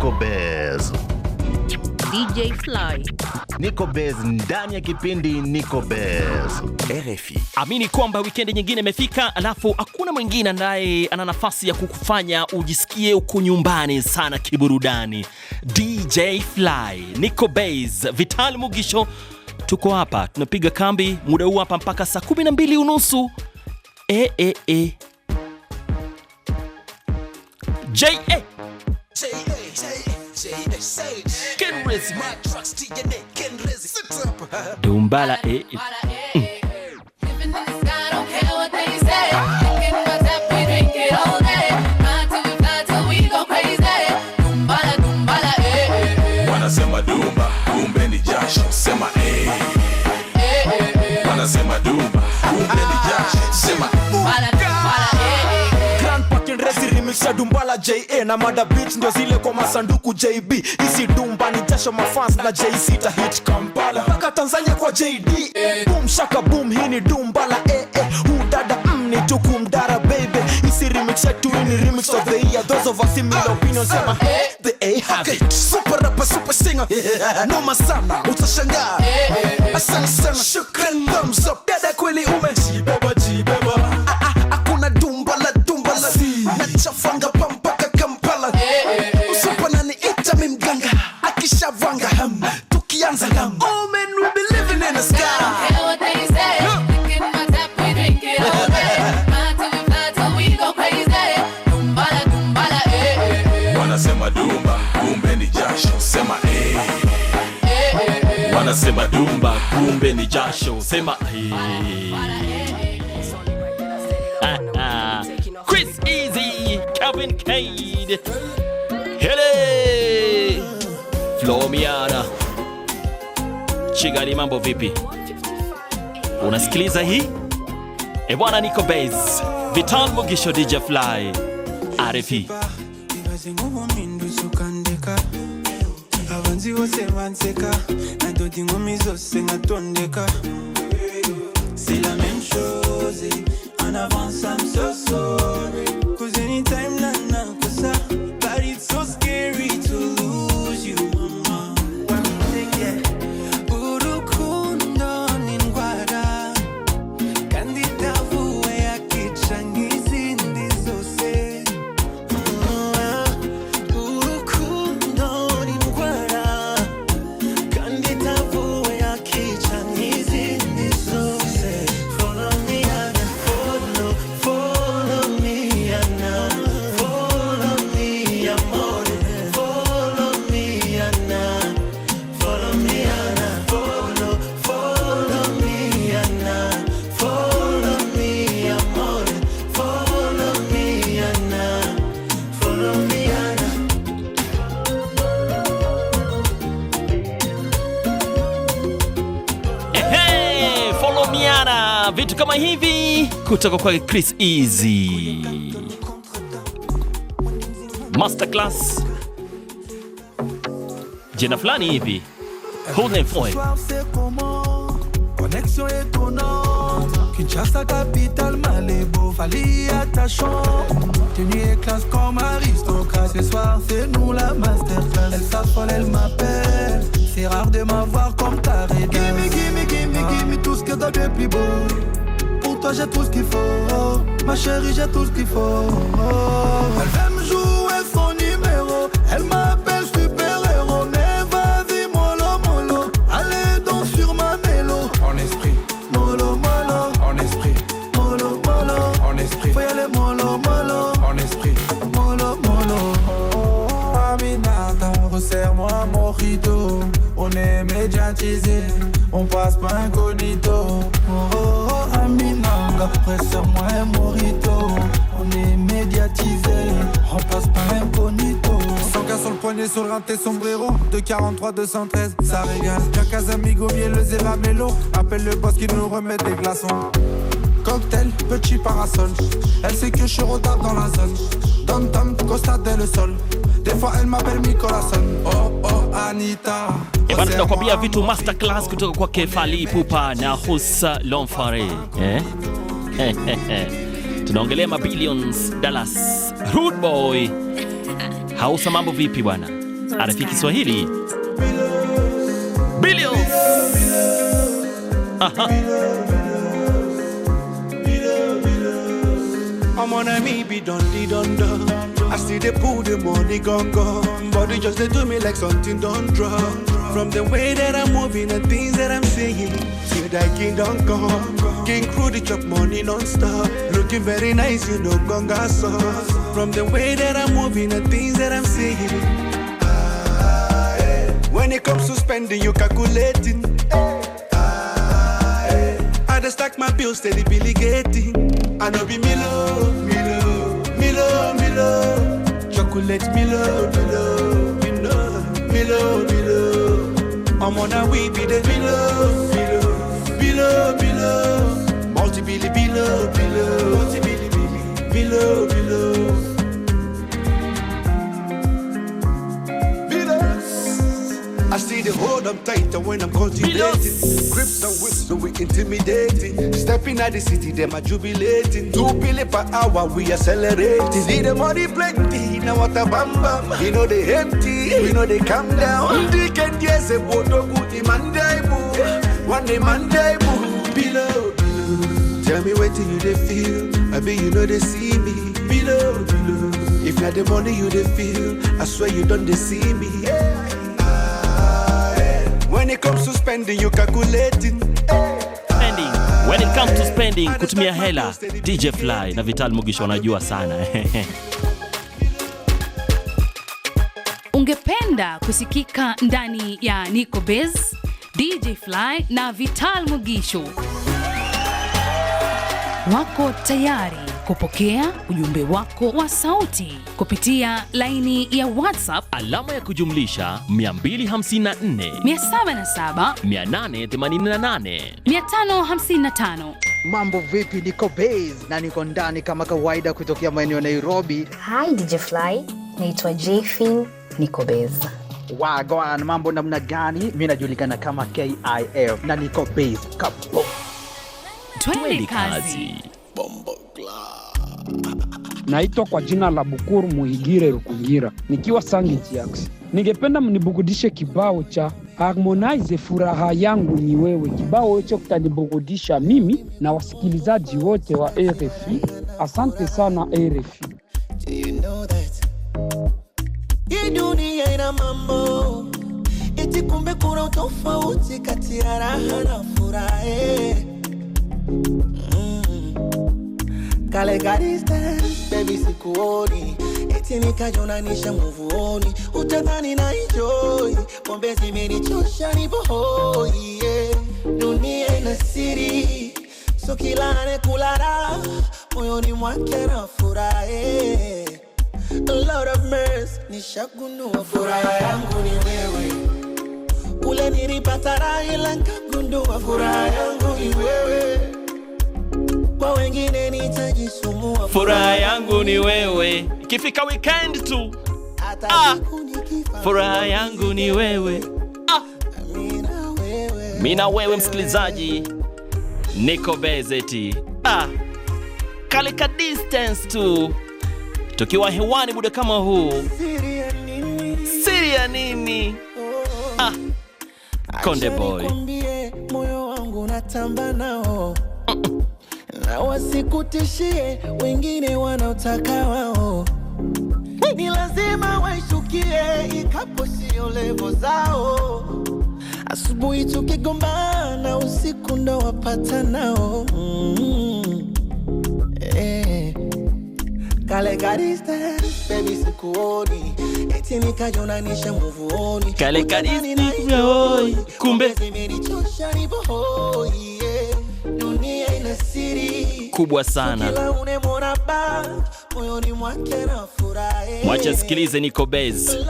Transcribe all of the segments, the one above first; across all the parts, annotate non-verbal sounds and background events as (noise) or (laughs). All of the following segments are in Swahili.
Nico Bez, DJ Fly, Nico Bez ndani ya kipindi Nico Bez RFI. Amini kwamba wikendi nyingine imefika, alafu hakuna mwingine ndaye ana nafasi ya kukufanya ujisikie uko nyumbani sana kiburudani. DJ Fly, Nico Bez, Vital Mugisho, tuko hapa tunapiga kambi muda huu hapa mpaka saa 12 unusu. E, e, e. J, -A. J -A. Kenrezi Dumbala et eh, eh. Kisha dumbala JA na mada beat ndio zile kwa masanduku JB. Hizi dumba ni jasho mafans na JC ta hit Kampala Paka Tanzania kwa JD. Boom shaka boom, hii ni dumbala eh eh. Hu dada mm, ni tuku mdara baby. Hizi remix yetu ni remix of the year. Those of us in similar ah, opinion ah, sema eh the A have it. Super rapper super singer. Eh, eh, eh. Noma sana utashangaa. Asante sana, shukran, thumbs up. Dada kweli ume jasho, sema ah, ah. Chris Easy, Kevin Cade, Hele Flomiana. Chigali, mambo vipi? Unasikiliza hii? E bwana, niko base Vital Mugisho, DJ Fly, RFI e. abakunzi bose banseka nadoda inkumi zose nkatondeka c'est la même chose en avance I'm so sorry kama hivi kutoka kwa Chris Easy masterclass, jina fulani hivi Connexion Kinshasa capital Malébo, Falia ta chambre. Tenue et classe comme aristocrate, ce soir c'est nous la masterclass. Elle s'affole, elle m'appelle, c'est rare de m'avoir comme ta Gimme, gimme, gimme, gimme tout ce que t'as de plus beau j'ai tout ce qu'il faut Ma chérie j'ai tout ce qu'il faut Elle veut me jouer son numéro Elle m'appelle super héros Mais vas-y mollo mollo Allez dans sur ma mélo En esprit Mollo mollo En esprit Mollo mollo En esprit Faut y aller mollo mollo En esprit Mollo mollo oh, Aminata resserre-moi mon rito On est médiatisé On passe pas incognito après ce moi et Morito. On est médiatisé, passe par incognito. 100 cas sur le poignet, sur le raté sombrero. De 43, 213, ça régale. Jacques, amigo, miel, le Zélamello Appelle le boss qui nous remet des glaçons. Cocktail, petit parasol. Elle sait que je suis retard dans la zone. Tom Tom, Costa le sol. Des fois elle m'appelle Micolason Oh oh Anita. vitu masterclass na Lomfare eh? (laughs) tunaongelea mabillions dallas Rude boy hausa, mambo vipi bwana? arafi Kiswahili billions. I see they pull the money gone gone. Body just they do me like something don't drop. From the way that I'm moving and things that I'm saying, that kingdom come. Working crew, they chop money non-stop. Looking very nice, you don't gonga so. From the way that I'm moving and things that I'm saying. When it comes to spending, you calculating. I just stack my bills, steady Billy getting. I know be Milo, Milo, Milo, Milo. Chocolate Milo, Milo, Milo, Milo, Milo. I'm on a wee be the Milo, Milo. below, below, below, below, below. I see the hold up tighter when I'm contemplating Grips and whips so we intimidating Stepping at the city, them are jubilating Two billion per hour, we accelerating See the money plenty, now what a bam bam You know they empty, we know they calm down mm. They can yes, a bodoku, to mandaibu One day mandaibu, below, below Tell me what you they feel. I be you know they see me. Below, below. If not the money you they feel, I swear you don't they see me. Yeah. When it comes to spending, you calculating. Hey. Spending. When it comes to spending, kutumia hela, DJ Fly na Vital Mugisho wanajua sana. (laughs) Ungependa kusikika ndani ya Nico Bez, DJ Fly na Vital Mugisho wako tayari kupokea ujumbe wako wa sauti kupitia laini ya WhatsApp alama ya kujumlisha 254 Mambo vipi? Niko base na niko ndani kama kawaida kutokea maeneo ya Nairobi. Hi DJ Fly, naitwa Jfin, niko base. Wagwan, mambo namna gani? Mimi najulikana kama KIF na niko base kapo twende kazi. Naitwa kwa jina la Bukuru Muhigire Rukungira, nikiwa Sangi Jiaksi. Ningependa mnibugudishe kibao cha Harmonize furaha yangu ni wewe. Kibao hicho kitanibugudisha mimi na wasikilizaji wote wa RFI. Asante sana RFI. mambo kumbe kuna kati ya raha na furaha Mm-hmm. kale kadiste bebi sikuoni eti nikajonanisha muvuoni utadhani na enjoy pombe zimenichosha nivohoi dunia ina siri so kila anekulala moyoni mwake na furahe nishagundua furaha yangu ni wewe kule nilipata raha nkagundua furaha yangu ni wewe kwa wengine nitajisumbua, furaha yangu ni wewe. Ikifika weekend tu, ah, furaha yangu ni wewe ah. Mina wewe msikilizaji, niko bezeti ah, kalika distance tu, tukiwa hewani muda kama huu, siri ya nini? Oh. Ah, Konde Boy moyo wangu natamba nao na wasikutishie wengine wanaotaka wao, ni lazima waishukie ikapo sio levo zao. Asubuhi tukigombana, usiku ndo wapata nao mm eh. Kale kumbe zimenichosha nivohoi kubwa sana. Mwacha sikilize Niko Base,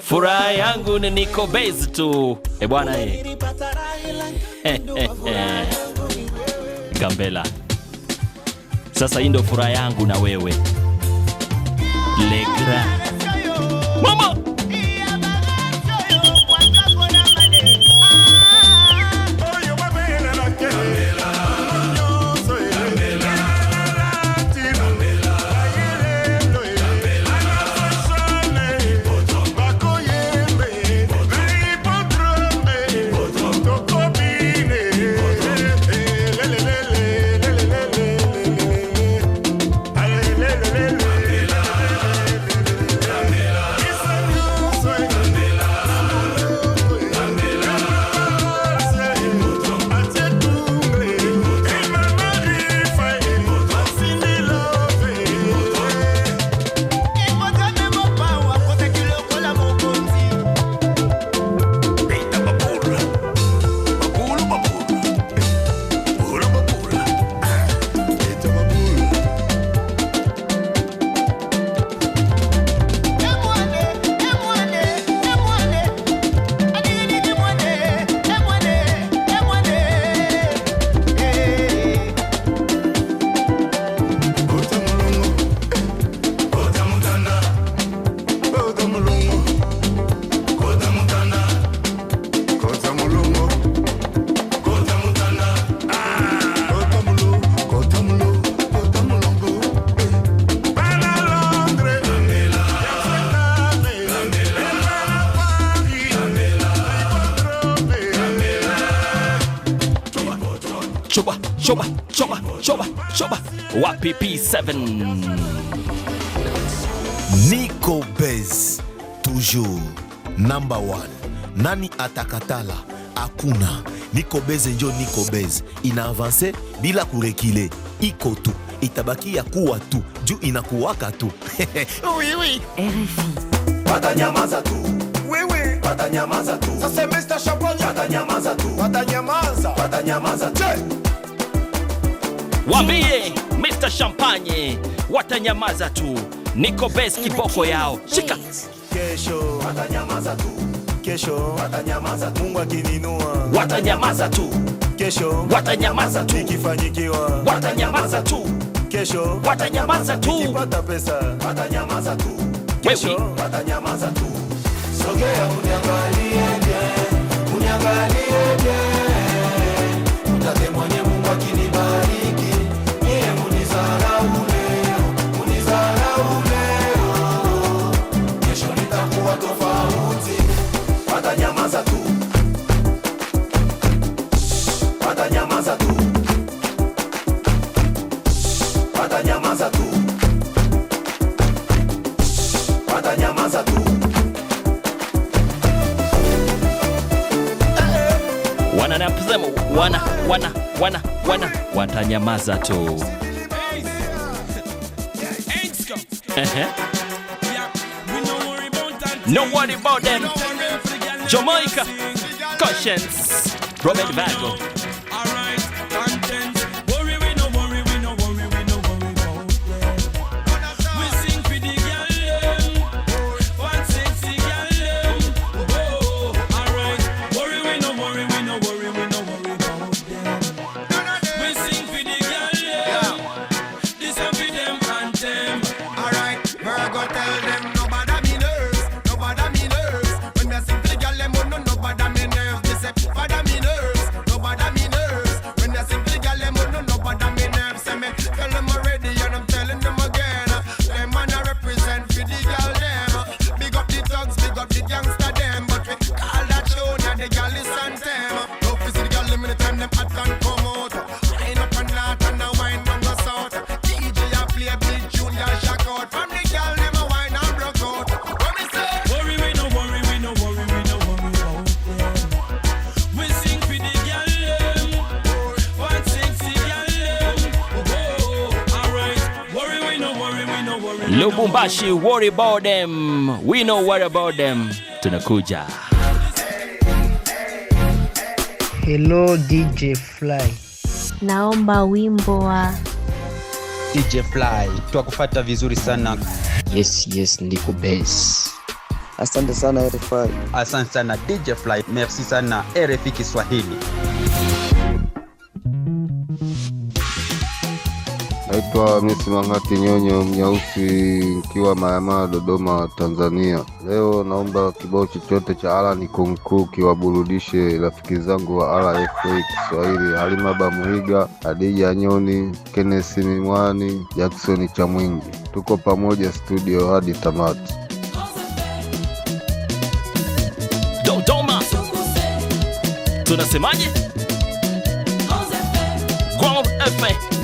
furaha yangu ni Niko Base tu e bwana (laughs) e. Gambela, sasa hii ndo furaha yangu na wewe Legra mama choba choba choba choba choba wapi P7 Nico Bez toujours number one. Nani atakatala? akuna Nico Bez njo Nico Bez ina avance bila kurekile, iko tu itabaki ya kuwa tu juu inakuwaka tu (laughs) oui, oui. tu tu tu, Wambie Mr. Champagne watanyamaza tu, niko best kiboko yao. Shika kesho, watanyamaza tu kesho, watanyamaza tu, Mungu akininua, watanyamaza tu kesho, watanyamaza tu, nikifanyikiwa, watanyamaza tu kesho, watanyamaza tu, nikipata pesa, watanyamaza tu kesho, watanyamaza tu. Sogea uniangalie, uniangalie, utatemwa msemo wana wana wana wana watanyamaza tu. No worry about them. Jamaica Cushions. Robert Vago Lubumbashi, worry about them, we know worry about them. Tunakuja. Hello DJ Fly, naomba wimbo wa DJ Fly. Twakufata vizuri sana. Yes, yes, ndiko base. Asante sana RFI. Asante sana DJ Fly. Merci sana RFI Kiswahili. Naitwa Hamisi Mang'ati Nyonyo Mnyausi, nikiwa mayamaa Dodoma, Tanzania. Leo naomba kibao chochote cha Alani Kunku kiwaburudishe rafiki zangu wa RFA Kiswahili, Halima Bamuhiga, Adija Nyoni, Kennesi Mimwani, Jackson Chamwingi. Tuko pamoja studio hadi tamati. Dodoma tunasemaje? FM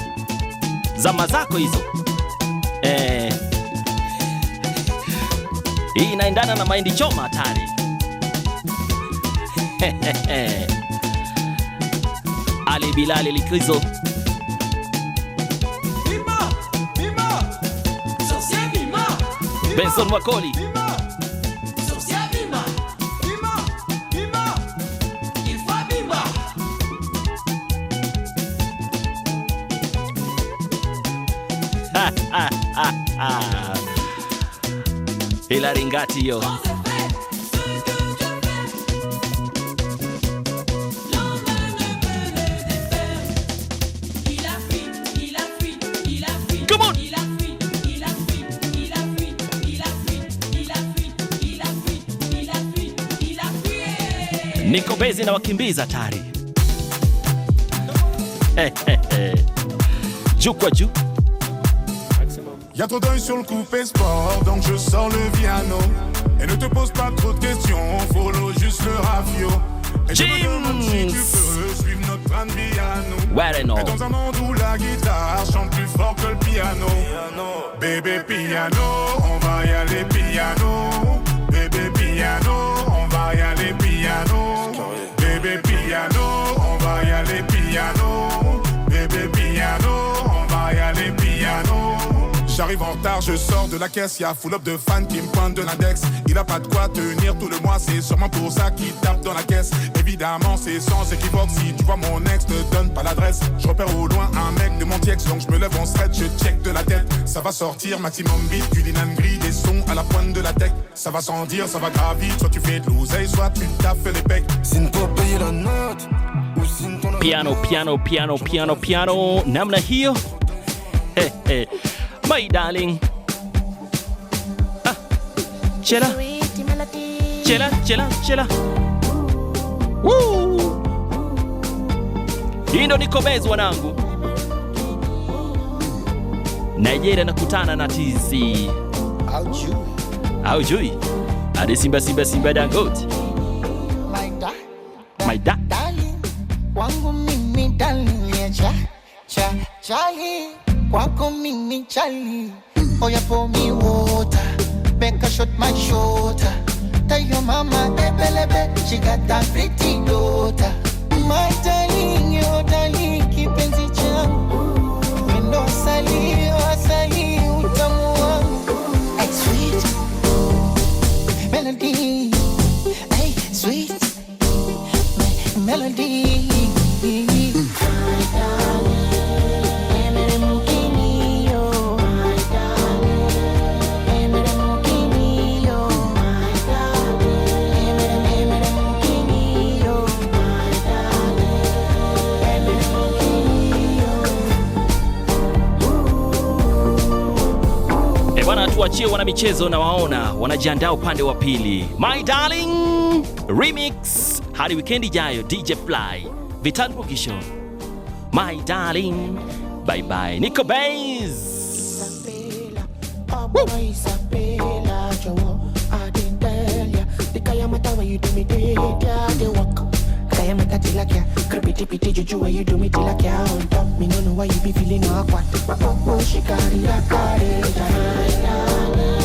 lawama zako hizo eh. Hii inaendana na mahindi choma hatari (laughs) Ali Bilali likizo Benson Wakoli Laringatio. Niko bezi na wakimbiza tari (laughs) juu kwa juu Y'a trop d'œil sur le coupé sport, donc je sors le piano. Et ne te pose pas trop de questions, follow juste le rafio. Et je me demande si tu peux suivre notre train de piano et dans un monde où la guitare chante plus fort que le piano. piano. Bébé piano, on va y aller piano. retard, je sors de la caisse, y'a full up de fans qui me pointent de l'index. Il a pas de quoi tenir tout le mois, c'est sûrement pour ça qu'il tape dans la caisse. Évidemment, c'est sans équivoque, si tu vois mon ex, ne donne pas l'adresse. Je repère au loin un mec de mon tiex, donc je me lève en stretch, je check de la tête. Ça va sortir maximum vite, du linan gris, des sons à la pointe de la tech. Ça va sans dire, ça va gravir, soit tu fais de l'oseille, soit tu taffes les pecs. Sin payer la note, Piano, piano, piano, piano, piano, namna hé my darling. Ah, chela, chela, chela, chela. Woo! Hii ndo niko base wanangu. Nigeria nakutana na TZ. Aujui. Aujui. Adi Simba Simba Simba Dangote. My da. My da. Walk on me, me Charlie. Oh, you pour me water. Make her shut my shoulder. Tell your mama, ebelebe, she got that pretty tuachie michezo na waona wanajiandaa upande wa pili. My darling remix hadi wikendi ijayo, DJ Fly Vital Bugisho. My darling bye bye, Niko Bays I'm me that like ya. Creepy tippy juju, why you do me till like ya? On top, me no know why you be feeling awkward. Pop, pop, shikari, yakari, jahari, jahari.